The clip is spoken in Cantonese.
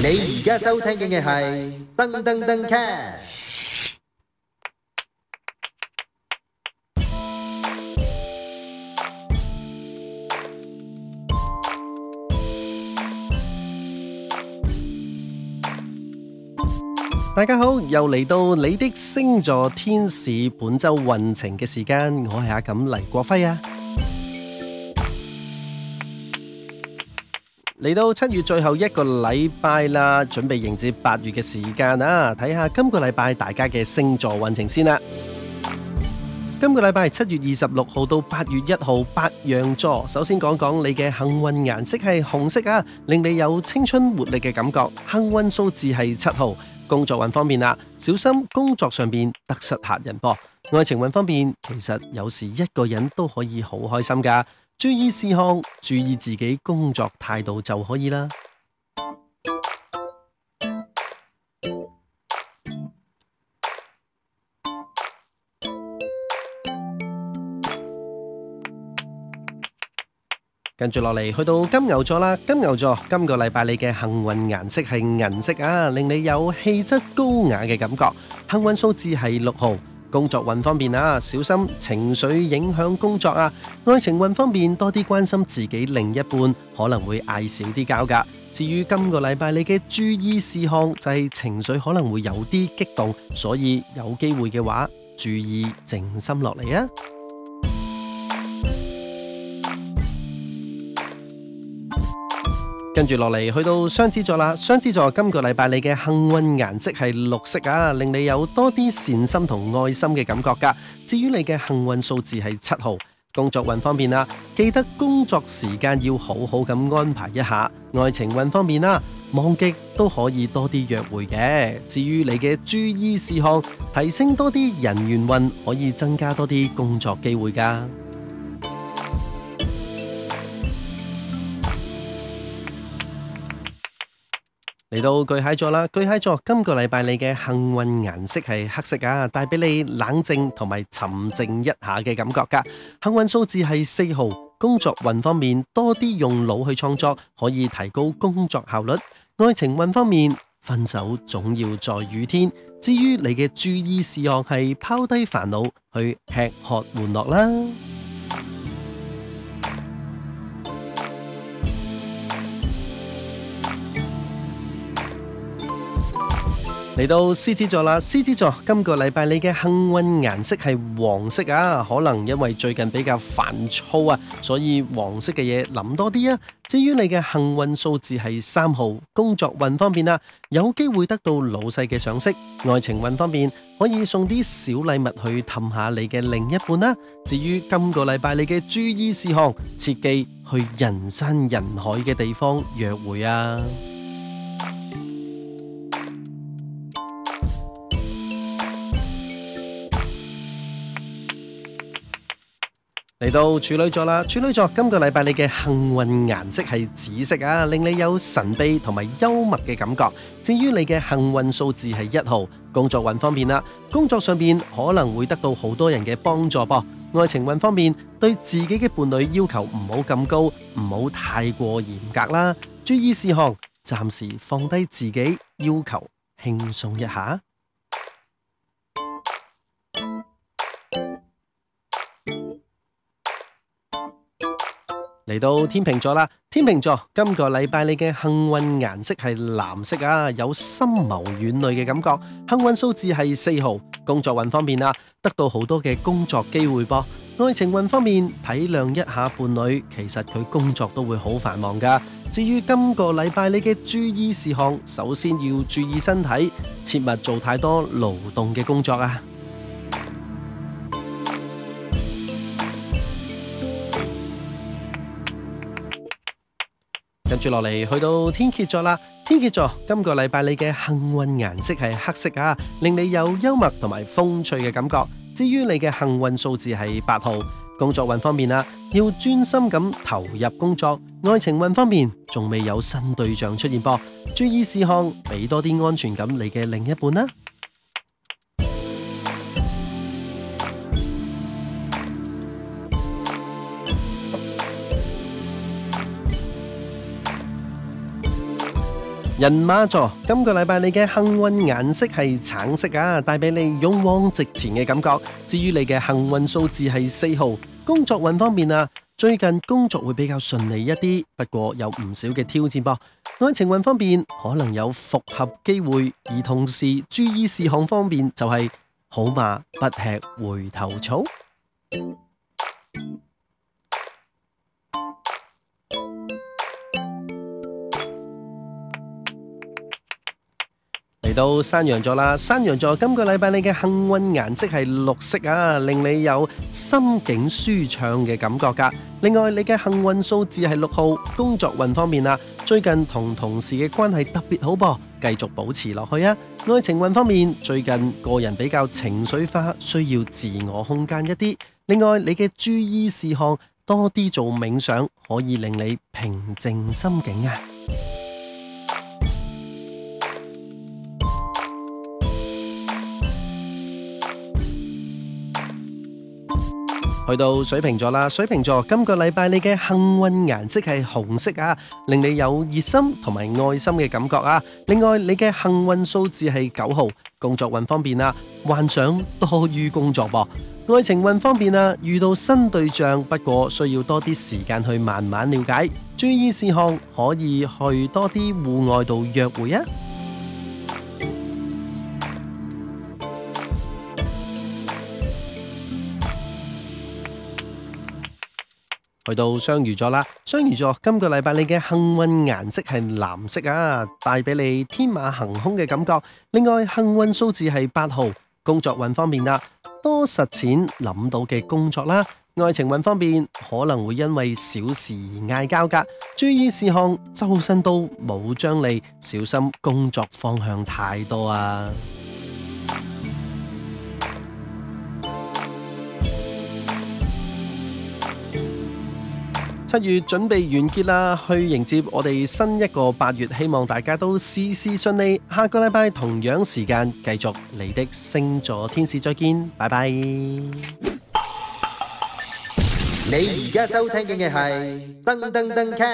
你而家收聽嘅係噔噔噔 cast。大家好，又嚟到你的星座天使本周運程嘅時間，我係阿錦黎國輝啊。嚟到七月最後一個禮拜啦，準備迎接八月嘅時間啦。睇下今個禮拜大家嘅星座運程先啦。今個禮拜七月二十六號到八月一號，白羊座。首先講講你嘅幸運顏色係紅色啊，令你有青春活力嘅感覺。幸運數字係七號，工作運方面啦，小心工作上邊得失客人噃。愛情運方面，其實有時一個人都可以好開心噶。注意事項，注意自己工作態度就可以啦。跟住落嚟，去到金牛座啦。金牛座今個禮拜你嘅幸運顏色係銀色啊，令你有氣質高雅嘅感覺。幸運數字係六號。工作運方面啊，小心情緒影響工作啊。愛情運方面，多啲關心自己另一半，可能會嗌少啲交噶。至於今個禮拜你嘅注意事項就係情緒可能會有啲激動，所以有機會嘅話，注意靜心落嚟啊。跟住落嚟，去到雙子座啦。雙子座今個禮拜你嘅幸運顏色係綠色啊，令你有多啲善心同愛心嘅感覺噶。至於你嘅幸運數字係七號，工作運方面啦，啊，記得工作時間要好好咁安排一下。愛情運方面啦，啊，忙極都可以多啲約會嘅。至於你嘅注意事項，提升多啲人緣運，可以增加多啲工作機會噶。嚟到巨蟹座啦，巨蟹座今個禮拜你嘅幸運顏色係黑色啊，帶俾你冷靜同埋沉靜一下嘅感覺噶。幸運數字係四號，工作運方面多啲用腦去創作，可以提高工作效率。愛情運方面，分手總要在雨天。至於你嘅注意事項係拋低煩惱，去吃喝玩樂啦。嚟到獅子座啦，獅子座今個禮拜你嘅幸運顏色係黃色啊，可能因為最近比較煩躁啊，所以黃色嘅嘢諗多啲啊。至於你嘅幸運數字係三號，工作運方面啊，有機會得到老細嘅賞識。愛情運方面，可以送啲小禮物去氹下你嘅另一半啦，啊。至於今個禮拜你嘅注意事項，切忌去人山人海嘅地方約會啊。嚟到處女座啦，處女座今個禮拜你嘅幸運顏色係紫色啊，令你有神秘同埋幽默嘅感覺。至於你嘅幸運數字係一號，工作運方面啦。工作上邊可能會得到好多人嘅幫助噃。愛情運方面，對自己嘅伴侶要求唔好咁高，唔好太過嚴格啦。注意事項，暫時放低自己要求，輕鬆一下。嚟到天秤座啦，天秤座今個禮拜你嘅幸運顏色係藍色啊，有深謀遠慮嘅感覺。幸運數字係四號，工作運方面啊，得到好多嘅工作機會噃。愛情運方面，體諒一下伴侶，其實佢工作都會好繁忙㗎。至於今個禮拜你嘅注意事項，首先要注意身體，切勿做太多勞動嘅工作啊。跟住落嚟，去到天蠍座啦。天蠍座今個禮拜你嘅幸運顏色係黑色啊，令你有幽默同埋風趣嘅感覺。至於你嘅幸運數字係八號，工作運方面啊，要專心咁投入工作。愛情運方面，仲未有新對象出現噃，注意事項，俾多啲安全感你嘅另一半啦。人馬座，今個禮拜你嘅幸運顏色係橙色啊，帶俾你勇往直前嘅感覺。至於你嘅幸運數字係四號，工作運方面啊，最近工作會比較順利一啲，不過有唔少嘅挑戰噃。愛情運方面，可能有復合機會，而同時注意事項方面就係好馬不吃回頭草。到山羊座啦，山羊座今個禮拜你嘅幸運顏色係綠色啊，令你有心境舒暢嘅感覺噶、啊。另外你嘅幸運數字係六號，工作運方面啊，最近同同事嘅關係特別好噃、啊，繼續保持落去啊。愛情運方面，最近個人比較情緒化，需要自我空間一啲。另外你嘅注意事項多啲做冥想，可以令你平靜心境啊。去到水瓶座啦，水瓶座今個禮拜你嘅幸運顏色係紅色啊，令你有熱心同埋愛心嘅感覺啊。另外，你嘅幸運數字係九號，工作運方面啊，幻想多於工作噃。愛情運方面啊，遇到新對象，不過需要多啲時間去慢慢了解。注意事項可以去多啲戶外度約會啊。去到雙魚座啦，雙魚座今個禮拜你嘅幸運顏色係藍色啊，帶俾你天馬行空嘅感覺。另外，幸運數字係八號，工作運方面啦，啊，多實踐諗到嘅工作啦。愛情運方面可能會因為小事而嗌交噶，注意事項，周身都冇張利，小心工作方向太多啊。七月準備完結啦，去迎接我哋新一個八月，希望大家都事事順利。下個禮拜同樣時間繼續你的星座天使，再見，拜拜。你而家收聽嘅係《噔噔噔卡》。